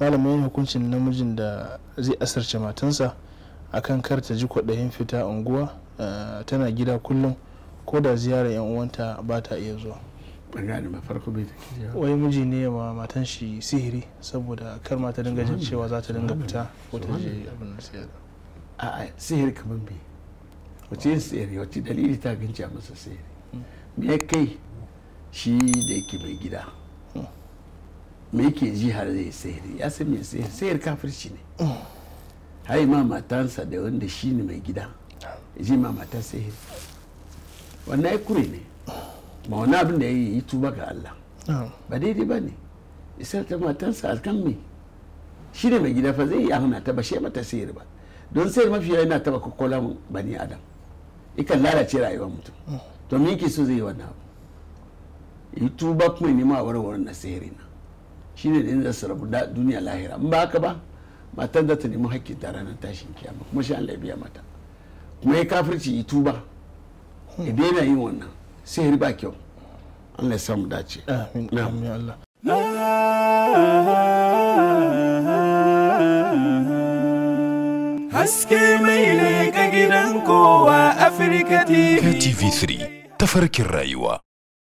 malamin hukuncin namijin da zai asarce matansa akan kar ta ji kwaɗayin fita unguwa eh, tana gida kullum ko da ziyarar yan uwanta ba ta iya zuwa wai miji ne ma matan shi sihiri saboda kar ma ta dinga jin cewa za ta dinga fita ko ta je abin da a sihiri kamar bi wace yin sihiri wace dalili ta ganci a masa sihiri hmm. me kai shi da yake mai gida hmm. me yake ji har zai sihiri ya san me sihiri sihir kafirci ne hai mm. ma matansa da wanda shi ne mai gida mm. ji ma matan sihiri wannan ya kure ne Ma wani abin da ya yi yi tuba ga Allah mm. ba daidai ba ne isar ta matansa alkan me shi ne mai gida fa zai yi ahuna ta ba shi mata sihiri ba don sihir mafi yana taba kwakwalan bani adam ikan lalace rayuwar mutum to me yake so zai yi wannan abu yi tuba kuma nema a warware na sihiri na shine da inda su rabu duniya lahira in ba haka ba matan za ta nemi hakki ta ranar tashin kiyama kuma shi Allah ya biya mata kuma ya kafirci yi tuba hmm. ya daina yin wannan sai riba kyau Allah ya samu dace amin amin Allah haske mai ne ga gidan kowa Afirka TV. tv 3 tafarkin rayuwa.